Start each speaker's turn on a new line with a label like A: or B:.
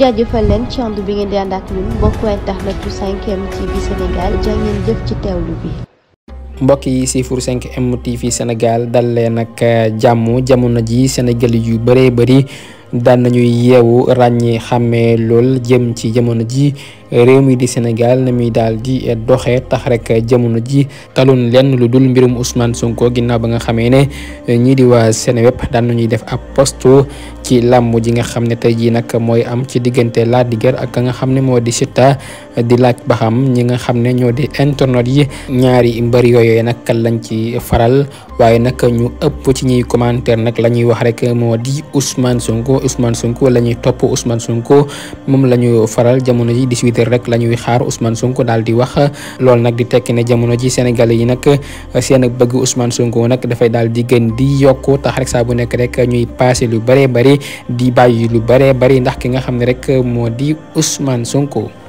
A: jaajëfal leen ci bi ngeen di ànd ak ñun mbokku internet bu m TV Sénégal jaa jëf ci teewlu bi. mbokk yi si four 5M TV Sénégal dal leen ak uh, jàmm jamono ji Sénégal yu bëree bëri. daan nañuy yeewu ràññee xàmmee lool jëm ci jamono ji réew mi di Sénégal na muy daal di doxee tax rek jamono ji talun lenn lu dul mbirum Ousmane Sonko ginnaaw ba nga xamee ne ñii di waa Seneweb daan nañuy def ab post ci làmb ji nga xam ne tey jii nag mooy am ci diggante Lac de ak ka nga xam ne moo di Siteu di laaj ba xam ñi nga xam ne ñoo di internet yi ñaari mbër yooyu nag lañ ci faral waaye nag ñu ëpp ci ñuy commentaire nag lañuy wax rek moo di Ousmane Sonko. Ousmane Sonko la ñuy topp Ousmane Sonko moom la ñu faral jamono ji 18 heures rek la ñuy xaar Ousmane Sonko daal di wax loolu nag di tekki ne jamono ji Sénégalais yi nag seen bëgg Ousmane Sonko nag dafay daal di gën di yokku tax rek saa bu nekk rek ñuy passé lu bëree bëri di bàyyi lu bëree bëri ndax ki nga xam ne rek moo di Ousmane Sonko.